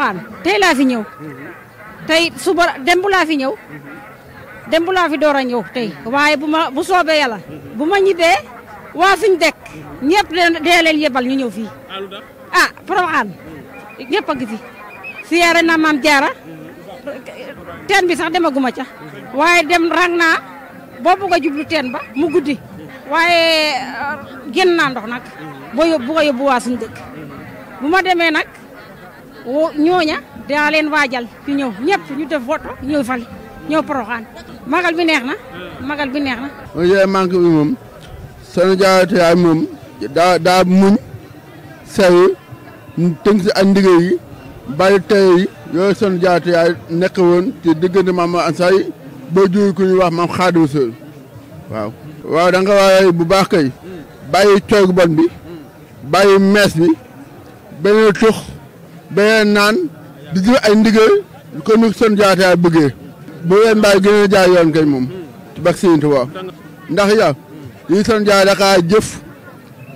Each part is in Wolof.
poroxaan tey laa fi ñëw tey suba demb laa fi ñëw demb laa fi door a ñëw tey waaye bu ma bu soobee yàlla bu ma ñibbee waa suñ dekk ñëpp dee leen yebal ñu ñëw fii ah poroxaan ñëpp a ngi fi siyaare naa maam jaara teen bi sax demaguma ca waaye dem rang naa boo bugg a jublu teen ba mu guddi waaye génn naa ndox nag boo yóbbu bugg a yóbbu waa suñ dëkk bu ma demee ñooña daa leen waajal ñu ñëw ñëpp ñu def woto ñëw fal ñëw Porokhane magal bi neex na magal bi neex na monsieur manque bi moom sonu jaawate yaay moom daa daa muñ sayu tënk si ak ndigal yi bàyyi tey yi yooyu sonu yaay nekk woon ci diggante maam ansay ba jur wax maam xaadimu waaw waaw da nga bu baax kay bàyyi coow bon bi bàyyi mees bi beneen tux ba naan di jël ay ndigal ko nu seen jaataay bu leen bàyyi jaay yoon kay moom ci bak Sëriñ ndax yow lii seen jaay dakaa jëf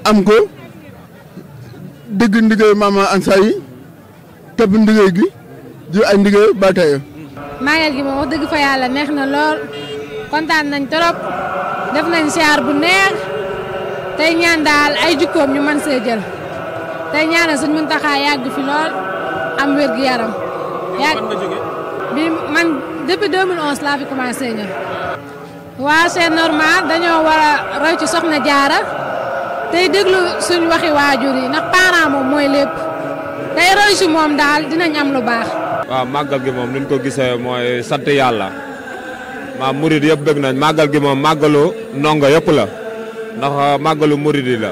am ko dëgg ndigal maama ansa tëb ndigal gi di ay ndigal ba tey magal gi moom wax dëgg fa yàlla neex na lool kontaan nañ trop def nañ siyaar bu neex tey ñaan daal ay jukkoom ñu mën see tey ñaanal suñ mun taxaa yàgg fi lool am wér gu yaram. yagg bi man depuis 2011 la fi commencé ñu wa c'est normal dañu wara roy ci soxna jaara tey déglu suñ waxi wajuri nak parents mom moy lepp lépp roy ci mom dal dinañ am lu baax. wa magal gi mom niñ ko gisee moy sante yalla ma mouride yeb bëgg nañ magal gi mom magalo nonga yep la ndax magalu mouride la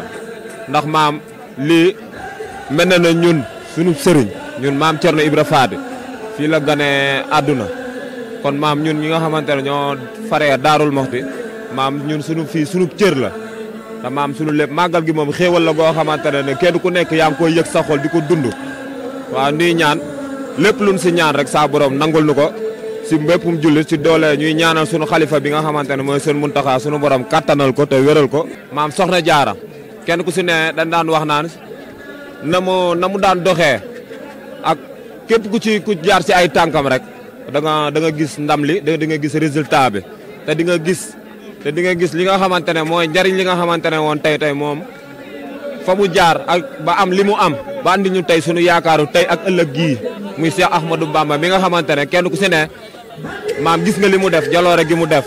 ndax maam li melne na ñun sunu sëriñ ñun maam Thierno Ibra Faty fi la gané aduna kon mam ñun ñi nga xamantene ño faré darul mohti maam ñun sunu fi sunu cër la da maam sunu lepp magal gi mom xéewal la go xamantene ne ne kenn ku nekk yaa koy yek sa xol dund wa nuy ñaan lepp luñ ci ñaan rek sa borom nangul nuko ko si mbéppum jullit doole ñuy ñaanal sunu khalifa bi nga xamantene moy seen sunu borom katanal ko te wéral ko maam soxna jaara kenn ku ci ne dañ daan wax naan namu namu daan doxé ak képp ku ci ku jaar ci ay tankam rek da nga da nga gis ndam li da nga gis résultat bi té di nga gis té di nga gis li nga xamante moy jariñ li nga xamante won tay tay mom fa mu jaar ak ba am limu am ba andi ñu tay sunu yaakaaru tay ak ëlëk gi muy Cheikh Ahmadou Bamba mi nga xamante kenn ku maam gis nga limu def jaloore gi mu def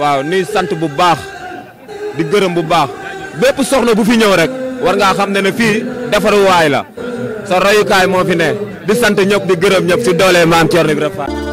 waaw ni sante bu baax di gërëm bu baax bépp soxna bu fi ñëw rek war nga xam ne ne fii defaruwaay la sa royukaay moo fi ne di sant ñëpp di gërëm ñëpp si doole maam Thierno Ibrahima